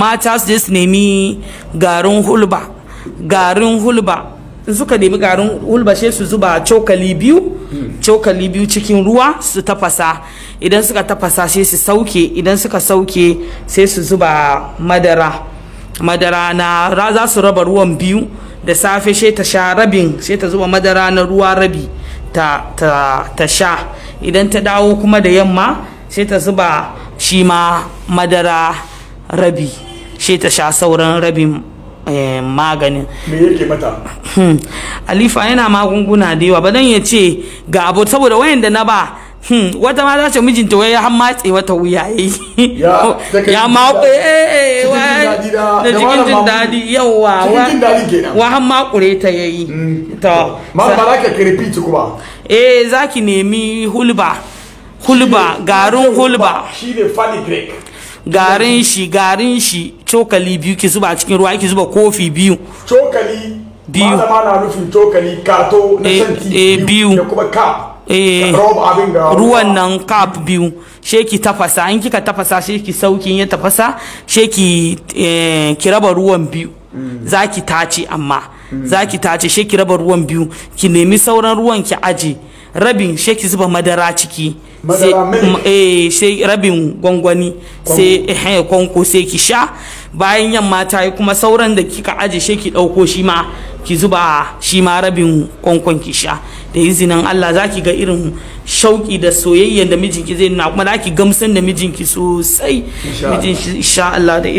mata su je su nemi garin hulba garin hulba suka nemi garin hulba sai su zuba cokali biyu cokali biyu cikin ruwa su tafasa idan suka tafasa sai su sauke idan suka sauke sai su zuba madara madara na za su raba ruwan biyu da safe sai ta sha rabin sai ta zuba madara na ruwa rabi ta, ta sha idan ta dawo kuma da yamma sai ta zuba shi ma madara rabi sai ta sha sauran rabin eh, maganin me yake mata hmm. alifa yana magunguna da yawa ba dan ya ce ga abu saboda da na ba hmm, wata ma za ce mijinta wai ya matse wata wuya yi eh. ya maƙo eh, da jikin jin daɗi yawa wa han maƙure ta ya yi mm. ta ma ba za ka kirfi kuma eh za ki nemi hulba hulba garin hulba shi ne fadi garin shi garin shi cokali biyu ki zuba cikin ruwa ki zuba kofi biyu cokali biyu zama na nufin cokali kato na eh, santi eh, biyu da kuma cup eh. ruwan nan cup biyu sheki tafasa in kika tafasa sheki saukin ya tafasa sheki ki raba ruwan biyu mm. zaki tace amma mm. zaki tace sheki raba ruwan biyu ki nemi sauran ruwan ki aje rabin sai zuba madara ciki eh, sai rabin gwangwani sai ehe kwanko sai ki sha bayan yamma ta yi kuma sauran da kika aje sai ki ɗauko shi ma ki zuba shi ma rabin kwankwan ki sha da izinin Allah za ki ga irin shauki da soyayyen da mijinki zai nuna kuma za ki gamsan da mijinki sosai mijin sha Allah da